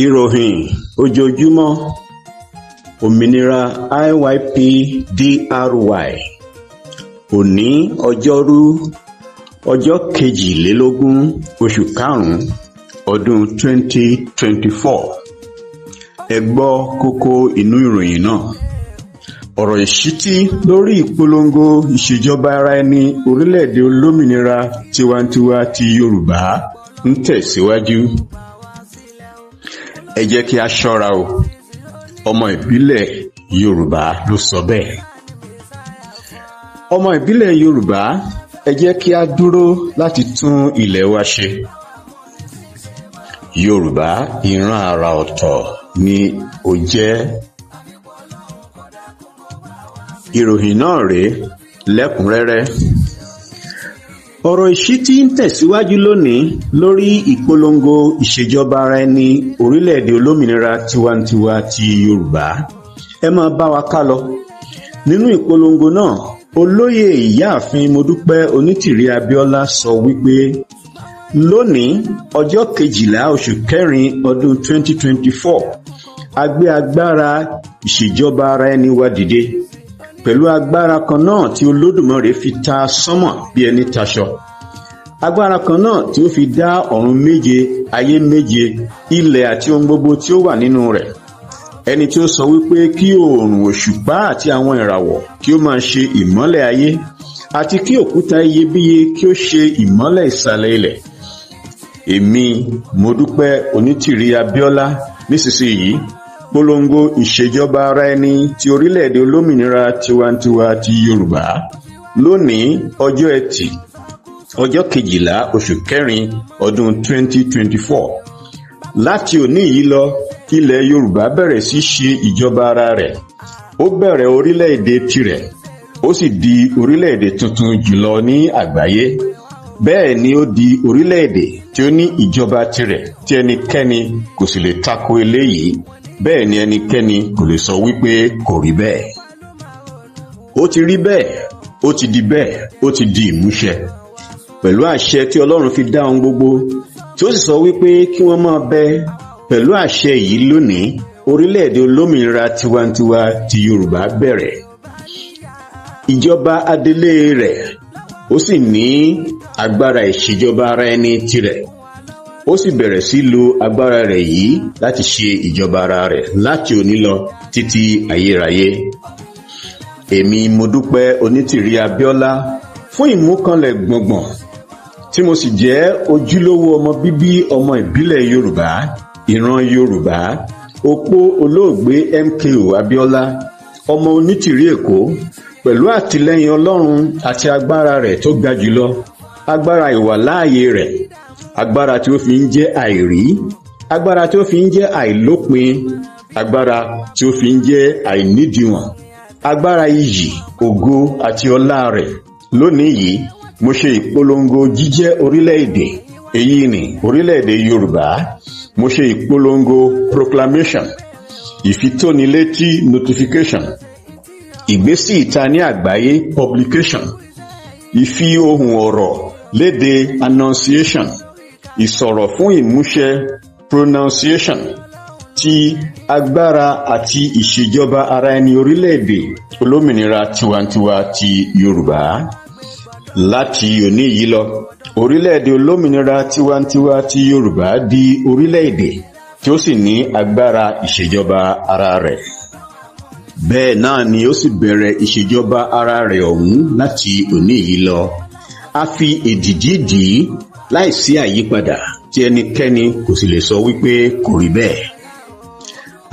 ìròyìn ojoojúmọ́ òmìnira IYPDRY òní ọjọ́rú ọjọ́ kejìlélógún oṣù karùn-ún ọdún 2024 ẹgbọ́ Koko kókó inú ìròyìn náà ọ̀rọ̀ ìṣítí lórí ìpolongo ìṣèjọba ara ẹni orílẹ̀-èdè olómìnira tiwantiwa ti Yorùbá ń tẹ̀síwájú. Si ẹ jẹ́ kí a ṣọ́ra o ọmọ ìbílẹ̀ yorùbá ló sọ bẹ́ẹ̀ ọmọ ìbílẹ̀ yorùbá ẹ jẹ́ kí a dúró láti tún ilẹ̀ wa ṣe yorùbá ìran àrà ọ̀tọ̀ ni ó jẹ́ ìròyìn náà rèé lẹ́kùnrẹ́rẹ́. Ọ̀rọ̀ ìṣítí ń tẹ̀síwájú lónìí lórí ìpolongo ìṣèjọba ara ẹni orílẹ̀-èdè olómìnira tiwantiwa ti Yorùbá. Ẹ máa bá wa ká lọ. Nínú ìpolongo náà, olóyè ìyáàfin Modúpẹ́ Onítìrí Abíọ́lá sọ wípé lónìí ọjọ́ kejìlá oṣù kẹrin ọdún 2024 a gbé agbára ìṣèjọba ara ẹni wa dìde pẹ̀lú agbára kan náà tí olódùmarè fi ta sánmọ̀ bí ẹni taṣọ agbára kan náà tí ó fi dá ọ̀run méje ayé méje ilẹ̀ àti ohun gbogbo tí ó wà nínú rẹ̀ ẹni tí ó sọ wípé kí oòrùn òṣùpá àti àwọn ìràwọ̀ kí ó máa ṣe ìmọ́lẹ̀ ayé àti kí òkúta iyebíye kí ó ṣe ìmọ́lẹ̀ ìsàlẹ̀ ilẹ̀ èmi mo dúpẹ́ onítìrí Abíọ́lá nísinsìnyí polongo ìṣèjọba ara ẹni ti orílẹ̀-èdè olómìnira tiwantiwa ti Yorùbá lónìí ọjọ́ ẹtì ọjọ́ kejìlá oṣù kẹrin ọdún 2024 láti òní yìí lọ ilẹ̀ Yorùbá bẹ̀rẹ̀ sí ṣe ìjọba ara rẹ̀ ó bẹ̀rẹ̀ orílẹ̀-èdè tirẹ̀ ó sì di orílẹ̀-èdè tuntun jùlọ ní àgbáyé bẹ́ẹ̀ ni ó di orílẹ̀-èdè tí ó ní ìjọba tirẹ̀ tí ẹnikẹ́ni kò sì lè tako eléyìí bẹ́ẹ̀ ni ẹnikẹ́ni kò lè sọ wípé kò rí bẹ́ẹ̀ ó ti rí bẹ́ẹ̀ ó ti di bẹ́ẹ̀ ó ti di ìmúṣẹ pẹ̀lú àṣẹ tí Ọlọ́run fi dá ohun gbogbo tí ó sì sọ wípé kí wọ́n máa bẹ pẹ̀lú àṣẹ yìí lónìí orílẹ̀-èdè olómìnira tiwantiwa ti Yorùbá bẹ̀rẹ̀ ìjọba adelé rẹ̀ ó sì ní agbára ìṣèjọba ara ẹni tirẹ̀ ó sì bẹ̀rẹ̀ sí lo agbára rẹ̀ yìí láti ṣe ìjọba ara rẹ̀ láti òní lọ títí ayérayé èmi mo dúpẹ́ onítìrí abíọ́lá fún ìmúkanlẹ̀ gbọ̀ngbọ̀n tí mo sì jẹ́ ojúlówó ọmọ bíbí ọmọ ìbílẹ̀ yorùbá ìran yorùbá opó olóògbé mko abíọ́lá ọmọ onítìrí èkó pẹ̀lú àtìlẹ́yìn ọlọ́run àti agbára rẹ̀ tó ga jùlọ agbára ìwàláàyè rẹ̀ agbára tí ó fi ń jẹ́ àìrí agbára tí ó fi ń jẹ́ àìlópin agbára tí ó fi ń jẹ́ àìnídìwọ̀n agbára iyì ògo àti ọlá rẹ̀ lónìí yìí mo ṣe ìpolongo jíjẹ́ orílẹ̀-èdè èyí ni orílẹ̀-èdè Yorùbá mo ṣe ìpolongo proclamation ìfitónilétí notification ìgbésí ìta ní àgbáyé publication ìfi ohùn ọ̀rọ̀ léde annunciation ìsọ̀rọ̀ fún ìmúṣẹ pronunciation ti agbára àti ìṣèjọba ara ẹni orílẹ̀-èdè olómìnira tiwantiwa ti Yorùbá láti òní yìí lọ orílẹ̀-èdè olómìnira tiwantiwa ti Yorùbá di orílẹ̀-èdè tí ó sì ní agbára ìṣèjọba ara rẹ̀ bẹ́ẹ̀ náà ni ó sì bẹ̀rẹ̀ ìṣèjọba ara rẹ̀ ọ̀hún láti òní yìí lọ a fi èjìjí dì í láìsí àyípadà tí ẹnikẹ́ni kò sì lè sọ wípé kò rí bẹ́ẹ̀.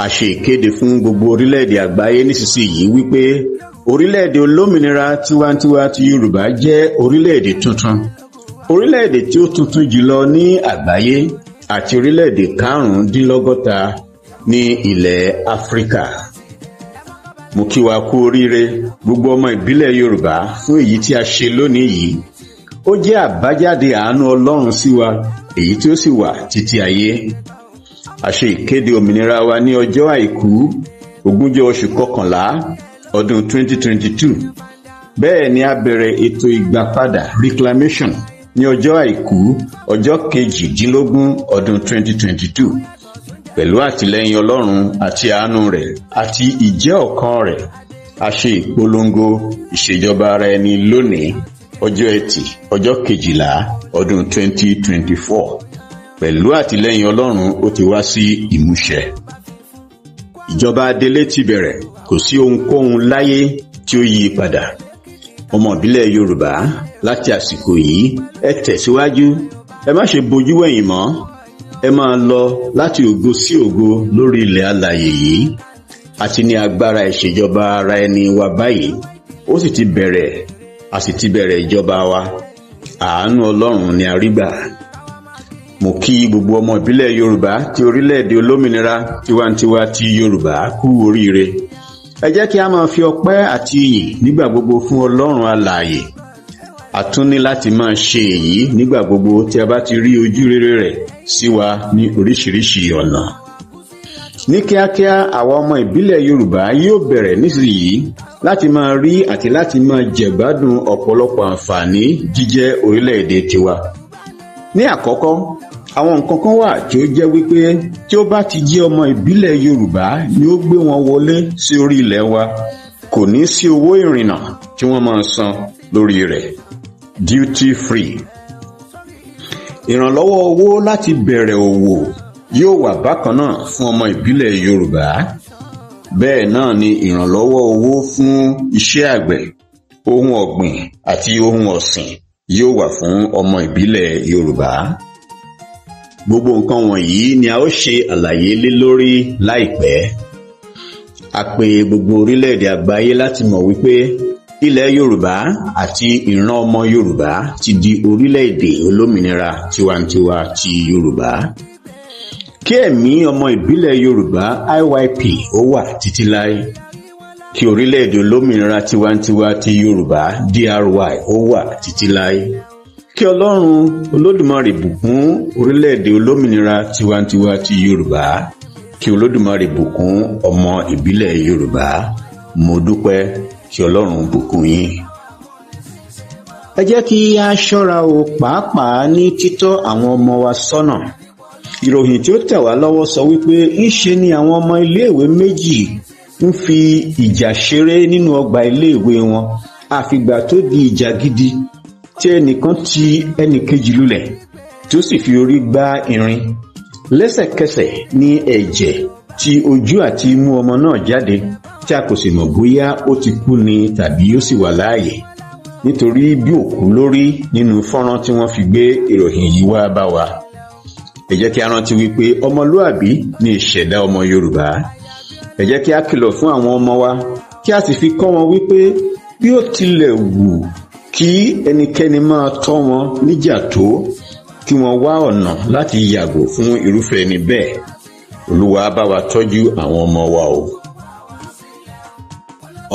a ṣe ìkéde fún gbogbo orílẹ̀-èdè àgbáyé nísinsìnyí wípé orílẹ̀-èdè olómìnira tiwantiwa ti Yorùbá jẹ́ orílẹ̀-èdè tuntun orílẹ̀-èdè tí ó tuntun jùlọ ní àgbáyé àti orílẹ̀-èdè karùndínlọ́gọ́ta ní ilẹ̀ Áfíríkà mo kí wa kú oríire gbogbo ọmọ ìbílẹ̀ Yorùbá fún èyí tí a ṣe lónìí yìí ó jẹ́ àbájáde àánú Ọlọ́run sí wa èyí tí ó sì wà títí ayé a ìkéde òmìnira wa ní ọjọ́ àìkú ogúnjọ́ oṣù kọkànlá ọdún 2022 bẹ́ẹ̀ ni a bẹ̀rẹ̀ ètò ìgbàpadà reclamation ní ọjọ́ àìkú ọjọ́ kejìdínlógún ọdún 2022 pẹ̀lú àtìlẹ́yìn Ọlọ́run àti àánú rẹ̀ àti ìjẹ́ ọ̀kan rẹ̀ a ṣe ìpolongo ìṣèjọba ara ẹni lónìí ọjọ́ ẹtì ọjọ́ kejìlá ọdún 2024 pẹ̀lú àtìlẹ́yìn ọlọ́run ó ti wá sí ìmúṣẹ. ìjọba adélé ti bẹ̀rẹ̀ kò sí ohunkóhun láyé tí ó yí padà. ọmọ ìbílẹ̀ yorùbá láti àsìkò yìí ẹ tẹ̀síwájú ẹ má ṣe bojú wẹ̀yìn mọ́ ẹ máa lọ láti ògo sí ògo lórí ilẹ̀ alàyè yìí àti ní agbára ìṣèjọba ara ẹni wa báyìí ó sì ti bẹ̀rẹ̀ a sì ti bẹ̀rẹ̀ ìjọba wa àánú ọlọ́run ni a rí gbà mo kí gbogbo ọmọ ìbílẹ̀ yorùbá ti orílẹ̀-èdè olómìnira tiwantiwa ti yorùbá kú oríire ẹ jẹ́ kí a máa fi ọpẹ́ àti ìyìn nígbà gbogbo fún ọlọ́run alààyè a tún ní láti máa ṣe èyí nígbà gbogbo tí a bá ti rí ojú rere rẹ̀ sí wa ní oríṣiríṣi ọ̀nà ní kíákíá àwa ọmọ ìbílẹ̀ yorùbá yóò bẹ̀rẹ̀ nísìnyí láti máa rí àti láti máa jẹ̀gbádùn ọ̀pọ̀lọpọ̀ àǹfààní jíjẹ́ orílẹ̀-èdè tiwa. Ní àkọ́kọ́, àwọn nǹkan kan wà tí ó jẹ́ wípé tí ó bá ti jẹ́ ọmọ ìbílẹ̀ Yorùbá ni ó gbé wọn wọlé sí orí ilẹ̀ wa kò ní sí owó ìrìnnà tí wọ́n máa san lórí rẹ̀ duty free. Ìrànlọ́wọ́ owó láti bẹ̀rẹ̀ òwò yóò wà bákan náà fún ọmọ ìbílẹ̀ Yorùbá bẹ́ẹ̀ náà ni ìrànlọ́wọ́ owó fún iṣẹ́ àgbẹ̀ ohun ọ̀gbìn àti ohun ọ̀sìn yóò wà fún ọmọ ìbílẹ̀ Yorùbá gbogbo nǹkan wọ̀nyí ni a ó ṣe àlàyé lé lórí láìpẹ́ a pè gbogbo orílẹ̀-èdè àgbáyé láti mọ̀ wípé ilẹ̀ Yorùbá àti ìran ọmọ Yorùbá ti di orílẹ̀-èdè olómìnira tiwantiwa ti Yorùbá kí ẹ̀mí ọmọ ìbílẹ̀ yorùbá IYP ó wà títí láé kí orílẹ̀-èdè olómìnira tiwantiwa ti yorùbá DRY ó wà títí láé kí ọlọ́run olódùmarè bùkún orílẹ̀-èdè olómìnira tiwantiwa ti yorùbá kí olódùmarè bùkún ọmọ ìbílẹ̀ yorùbá mo dúpẹ́ kí ọlọ́run bùkún yín ẹ jẹ́ kí a ṣọ́ra o pàápàá ní títọ́ àwọn ọmọ wa sọ́nà ìròyìn tí ó tẹ̀ wá lọ́wọ́ sọ wípé ńṣe ni àwọn ọmọ iléèwé méjì ń fi ìjà ṣeré nínú ọgbà iléèwé wọn àfìgbà tó di ìjà gidi tí ẹnìkan ti ẹnìkejì lulẹ̀ tí ó sì fi orí gbá irin lẹ́sẹ̀kẹsẹ̀ ní ẹ̀jẹ̀ ti ojú àti imú ọmọ náà jáde tí a kò sì mọ̀ bóyá ó ti kú ni tàbí ó sì wà láàyè nítorí bí òkú lórí nínú fọ́nrán tí wọ́n fi gbé ìròyìn yìí wá bá wa ẹ jẹ́ kí a rántí wípé ọmọlúàbí ni ìṣẹ̀dá ọmọ Yorùbá ẹ jẹ́ kí a kìlọ̀ fún àwọn ọmọ wa kí a sì fi kọ́ wọn wípé bí ó tilẹ̀ wù kí ẹnikẹ́ni máa tọ́ wọn níjà tó kí wọ́n wá ọ̀nà láti yàgò fún irúfẹ́ ẹni bẹ́ẹ̀ Olúwa bá wa tọ́jú àwọn ọmọ wa o.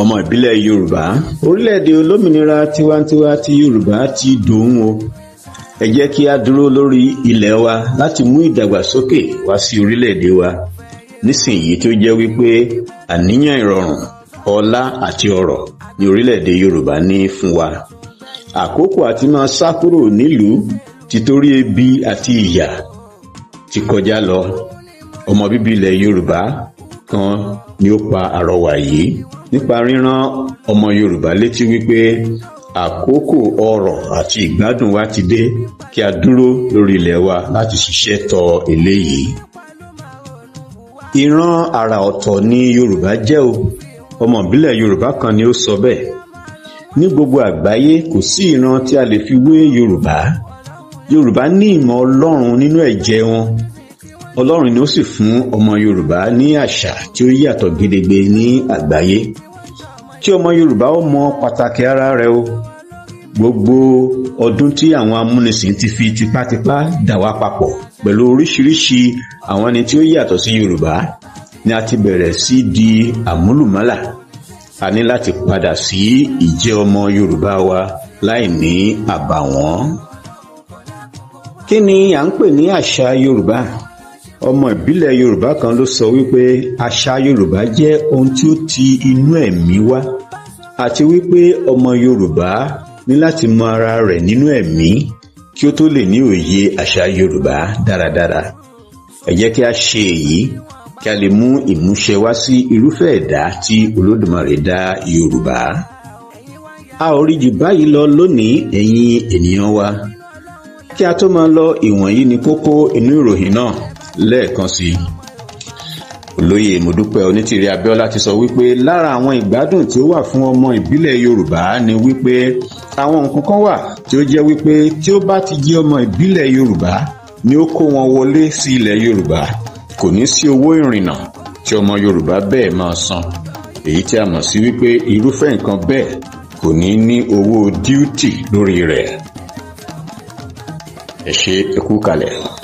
ọmọ ìbílẹ̀ Yorùbá orílẹ̀-èdè olómìnira tiwantiwa ti Yorùbá ti dòun o ẹ jẹ́ kí a dúró lórí ilẹ̀ wa láti mú ìdàgbàsókè wá sí orílẹ̀-èdè wa nísìnyí tó jẹ́ wípé àníyàn ìrọ̀rùn ọlá àti ọrọ̀ ni orílẹ̀-èdè Yorùbá ní fún wa àkókò àti máa sá kúrò nílùú títorí ebi àti ìyà ti kọjá lọ ọmọ bíbí ilẹ̀ Yorùbá kan ni ó pa àrọwà yìí nípa rírán ọmọ Yorùbá létí wípé àkókò ọrọ̀ àti ìgbádùn wa ti dé kí a dúró lórí ilẹ̀ wa láti ṣiṣẹ́ tọ eléyìí. ìran àrà ọ̀tọ̀ ni Yorùbá jẹ́ o ọmọ ìbílẹ̀ Yorùbá kan ni ó sọ bẹ́ẹ̀ ní gbogbo àgbáyé kò sí ìran tí a lè fi wé Yorùbá Yorùbá ní ìmọ̀ Ọlọ́run nínú ẹ̀jẹ̀ wọn Ọlọ́run ni ó sì fún ọmọ Yorùbá ní àṣà tí ó yàtọ̀ gedegbe ní àgbáyé kí ọmọ yorùbá ó mọ pàtàkì ara rẹ̀ o gbogbo ọdún tí àwọn amúnisìn ti fi tipátipá dà wá papọ̀ pẹ̀lú oríṣiríṣi àwọn ẹni tí ó yàtọ̀ sí yorùbá ni a ti bẹ̀rẹ̀ sí di àmúlùmálà a ní láti padà sí ìjẹ́ ọmọ yorùbá wa láì ní àbàwọ́n kí ni à ń pè ní àṣà yorùbá ọmọ ìbílẹ̀ yorùbá kan ló sọ wípé àṣà yorùbá jẹ́ ohun tí ó ti inú ẹ̀mí wá àti wípé ọmọ yorùbá ní láti mọ ara rẹ̀ nínú ẹ̀mí kí ó tó lè ní òye àṣà yorùbá dáradára ẹ jẹ́ kí a ṣe èyí kí a lè mú ìmúṣẹ wá sí irúfẹ́ ẹ̀dá tí olódùmarè dá yorùbá a ò rí jù báyìí lọ lónìí ẹ̀yin ènìyàn wa kí a tó máa lọ ìwọ̀nyí ni kókó inú ìròyìn náà lẹ́ẹ̀kan sí i olóyè mọ́dúpẹ́ onítìrí abíọ́lá ti sọ wípé lára àwọn ìgbádùn tí ó wà fún ọmọ ìbílẹ̀ yorùbá ni wípé àwọn nǹkan kan wà tí ó jẹ́ wípé tí ó bá ti jẹ́ ọmọ ìbílẹ̀ yorùbá ni ó kó wọn wọlé sí ilẹ̀ yorùbá kò ní sí owó ìrìnnà tí ọmọ yorùbá bẹ́ẹ̀ máa san èyí tí a mọ̀ sí wípé irúfẹ́ nǹkan bẹ́ẹ̀ kò ní ní owó díútì lórí rẹ̀ ẹ ṣe é kú kalẹ̀.